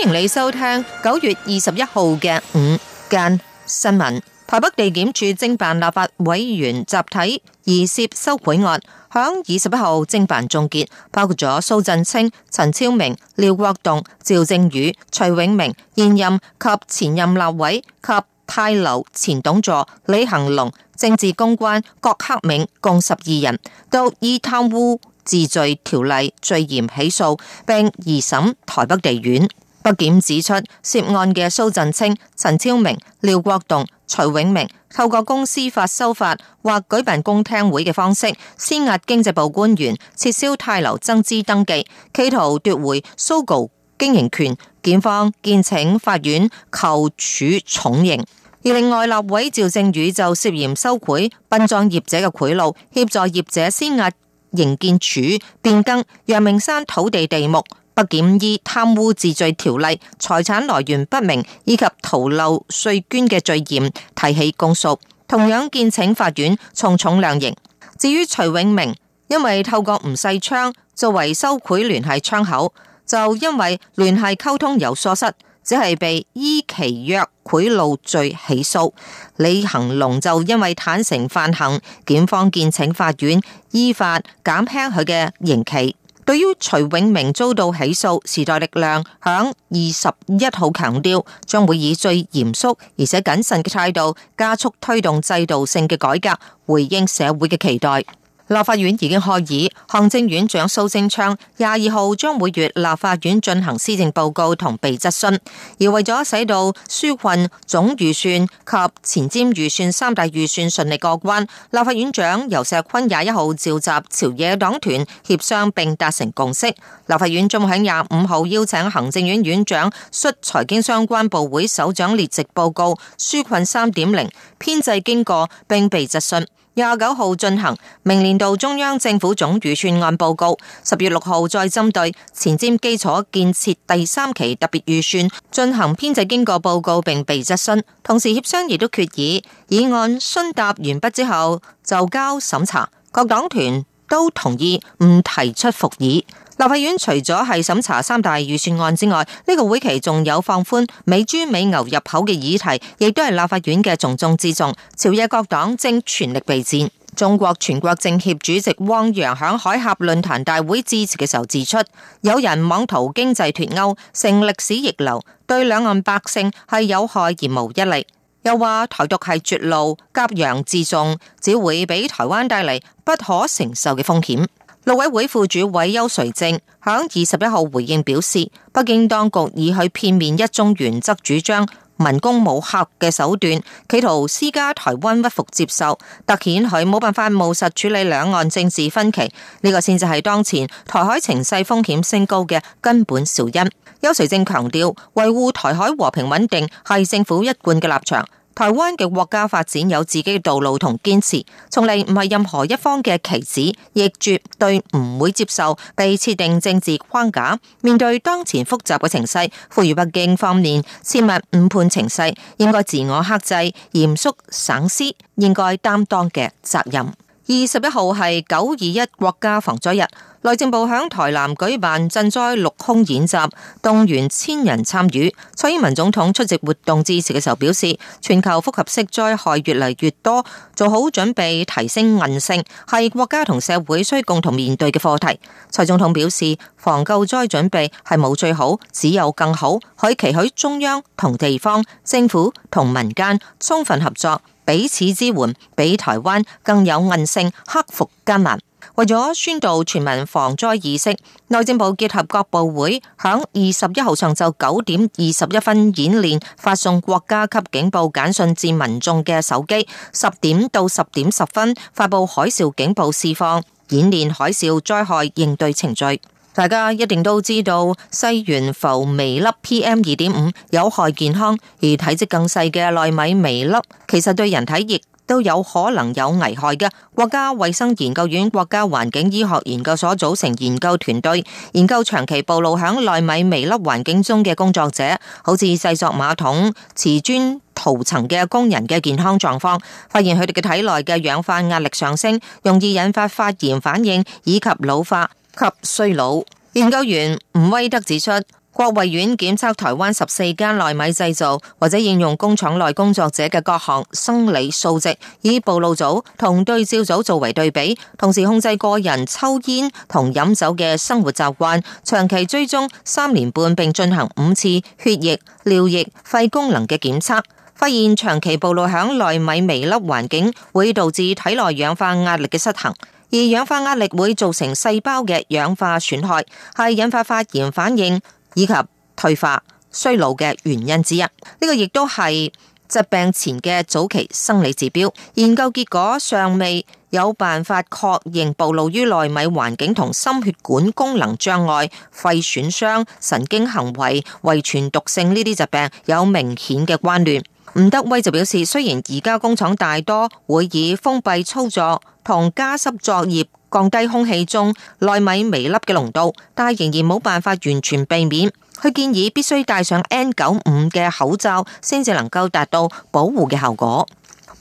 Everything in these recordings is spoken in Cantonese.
歡迎你收聽九月二十一號嘅午間新聞。台北地檢署偵辦立法委員集體疑涉收賄案，響二十一號偵辦終結，包括咗蘇振清、陳超明、廖國棟、趙正宇、徐永明現任及前任立委及泰流前董座李恒龍、政治公關郭克銘，共十二人都依貪污治罪條例罪嫌起訴，並移審台北地院。北檢指出，涉案嘅蘇震清、陳超明、廖國棟、徐永明透過公司法修法或舉辦公聽會嘅方式，施壓經濟部官員撤銷太流增資登記，企圖奪回 SOGO 經營權。檢方建請法院求處重刑。而另外，立委趙正宇就涉嫌收賄、殯葬業者嘅賄賂，協助業者施壓營建署變更陽明山土地地目。不檢北檢依貪污治罪條例、財產來源不明，以及逃漏稅捐嘅罪嫌，提起公訴。同樣，建請法院從重量刑。至於徐永明，因為透過吳世昌作為收賄聯繫窗口，就因為聯繫溝通有疏失，只係被依期約賄賂罪起訴。李恆龍就因為坦誠犯行，檢方建請法院依法減輕佢嘅刑期。對於徐永明遭到起訴，時代力量響二十一號強調，將會以最嚴肅而且謹慎嘅態度，加速推動制度性嘅改革，回應社會嘅期待。立法院已經開議，行政院長蘇貞昌廿二號將每月立法院進行施政報告同被質詢。而為咗使到紓困總預算及前瞻預算三大預算順利過關，立法院長游錫堃廿一號召集朝野黨團協商並達成共識。立法院仲喺廿五號邀請行政院院長率財經相關部會首長列席報告紓困三點零編製經過並質詢，並被質詢。廿九號進行明年度中央政府總預算案報告，十月六號再針對前瞻基礎建設第三期特別預算進行編制經過報告並備質詢，同時協商亦都決議，議案詢答完畢之後就交審查，各黨團都同意唔提出復議。立法院除咗係審查三大預算案之外，呢、這個會期仲有放寬美豬美牛入口嘅議題，亦都係立法院嘅重中之重。朝野各黨正全力備戰。中國全國政協主席汪洋響海峽論壇大會致辭嘅時候指出，有人妄圖經濟脱鈎，成歷史逆流，對兩岸百姓係有害而無一利。又話台獨係絕路，挾洋自重只會俾台灣帶嚟不可承受嘅風險。陸委會副主委邱垂正響二十一號回應表示，北京當局以佢片面一中原則主張、民工冇客嘅手段，企圖施加台灣屈服接受，凸顯佢冇辦法務實處理兩岸政治分歧。呢、這個先至係當前台海情勢風險升高嘅根本肇因。邱垂正強調，維護台海和平穩定係政府一貫嘅立場。台灣嘅國家發展有自己嘅道路同堅持，從來唔係任何一方嘅棋子，亦絕對唔會接受被設定政治框架。面對當前複雜嘅情勢，呼籲北京方面切勿誤判情勢，應該自我克制、嚴肅省思，應該擔當嘅責任。二十一號係九二一國家防災日，內政部喺台南舉辦震災陸空演習，動員千人參與。蔡英文總統出席活動致辭嘅時候表示，全球複合式災害越嚟越多，做好準備、提升韌性係國家同社會需共同面對嘅課題。蔡總統表示，防救災準備係冇最好，只有更好，可以期許中央同地方政府同民間充分合作。彼此支援，比台灣更有韌性，克服艱難。為咗宣導全民防災意識，內政部結合各部會，響二十一號上晝九點二十一分演練發送國家級警報簡訊至民眾嘅手機，十點到十點十分發佈海嘯警報示範演練海嘯災害應對程序。大家一定都知道細懸浮微粒 PM 二點五有害健康，而體積更細嘅奈米微粒其實對人體亦都有可能有危害嘅。國家衛生研究院、國家環境醫學研究所組成研究團隊，研究長期暴露響奈米微粒環境中嘅工作者，好似製作馬桶、瓷磚塗層嘅工人嘅健康狀況，發現佢哋嘅體內嘅氧化壓力上升，容易引發發炎反應以及老化。及衰老。研究員吳威德指出，國衛院檢測台灣十四間奈米製造或者應用工廠內工作者嘅各項生理數值，以暴露組同對照組作為對比，同時控制個人抽煙同飲酒嘅生活習慣，長期追蹤三年半，並進行五次血液、尿液、肺功能嘅檢測，發現長期暴露喺奈米微粒環境會導致體內氧化壓力嘅失衡。而氧化壓力會造成細胞嘅氧化損害，係引發發炎反應以及退化衰老嘅原因之一。呢個亦都係疾病前嘅早期生理指標。研究結果尚未有辦法確認暴露於奈米環境同心血管功能障礙、肺損傷、神經行為、遺傳毒性呢啲疾病有明顯嘅關聯。吳德威就表示，雖然而家工廠大多會以封閉操作同加濕作業降低空氣中奈米微粒嘅濃度，但仍然冇辦法完全避免。佢建議必須戴上 N95 嘅口罩，先至能夠達到保護嘅效果。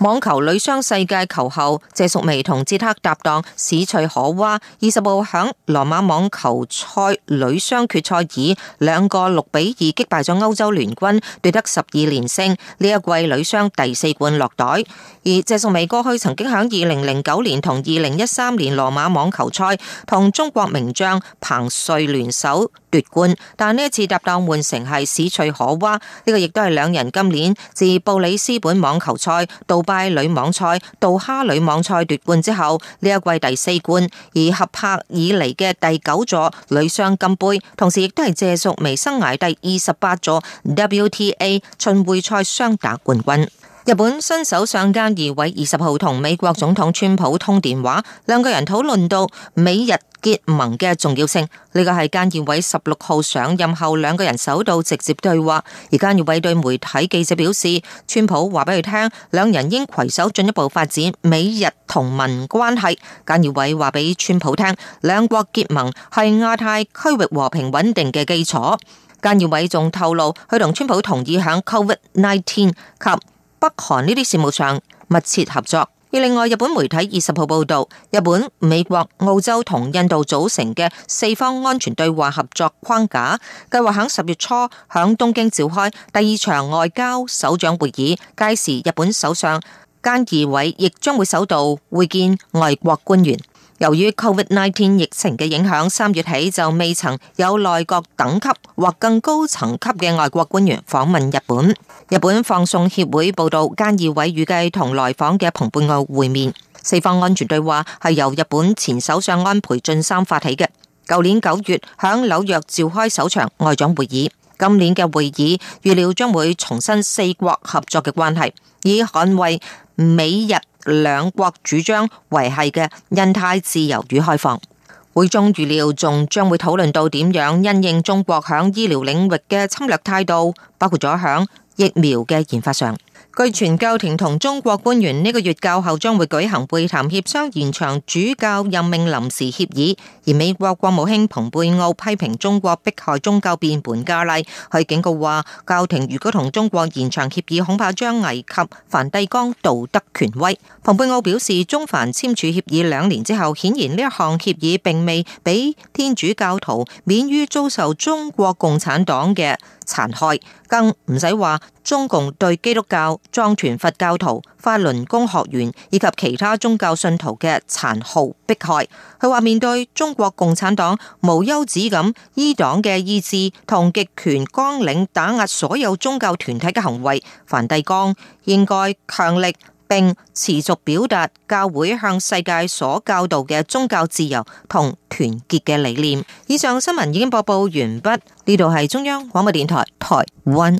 網球女雙世界球后謝淑薇同捷克搭檔史翠可娃，二十號響羅馬網球賽女雙決賽以兩個六比二擊敗咗歐洲聯軍，奪得十二連勝呢一季女雙第四冠落袋。而謝淑薇過去曾經響二零零九年同二零一三年羅馬網球賽同中國名將彭帥聯手奪冠，但呢一次搭檔換成係史翠可娃。呢、這個亦都係兩人今年自布里斯本網球賽到拜女網賽、杜哈女網賽奪冠之後，呢一季第四冠，而合拍以嚟嘅第九座女雙金杯，同時亦都係謝淑薇生涯第二十八座 WTA 巡回賽雙打冠軍。日本新首相菅義偉二十號同美國總統川普通電話，兩個人討論到美日結盟嘅重要性。呢個係菅義偉十六號上任後兩個人首度直接對話。而菅義偉對媒體記者表示，川普話俾佢聽，兩人應攜手進一步發展美日同盟關係。菅義偉話俾川普聽，兩國結盟係亞太區域和平穩定嘅基礎。菅義偉仲透露，佢同川普同意響 COVID-NINETEEN 及。北韓呢啲事務上密切合作。而另外，日本媒體二十號報導，日本、美國、澳洲同印度組成嘅四方安全對話合作框架，計劃喺十月初喺東京召開第二場外交首長會議，屆時日本首相菅義偉亦將會首度會見外國官員。由於 COVID-19 疫情嘅影響，三月起就未曾有內閣等級或更高層級嘅外國官員訪問日本。日本放送協會報導，菅義偉預計同來訪嘅蓬佩奧會面。四方安全對話係由日本前首相安倍晉三發起嘅，舊年九月響紐約召開首場外長會議。今年嘅會議預料將會重申四國合作嘅關係，以捍衛美日兩國主張維繫嘅印太自由與開放。會中預料仲將會討論到點樣因應中國喺醫療領域嘅侵略態度，包括咗喺疫苗嘅研發上。據傳教廷同中國官員呢個月較後將會舉行會談協商延長主教任命臨時協議，而美國國務卿蓬佩奧批評中國迫害宗教變本加厲，佢警告話教廷如果同中國延長協議，恐怕將危及梵蒂岡道德權威。蓬佩奧表示，中梵簽署協議兩年之後，顯然呢一項協議並未俾天主教徒免於遭受中國共產黨嘅殘害，更唔使話中共對基督教。藏傳佛教徒、法輪功學員以及其他宗教信徒嘅殘酷迫害。佢話，面對中國共產黨無休止咁依黨嘅意志同極權綱領打壓所有宗教團體嘅行為，梵蒂岡應該強力並持續表達教會向世界所教導嘅宗教自由同團結嘅理念。以上新聞已經播報完畢，呢度係中央廣播電台台灣。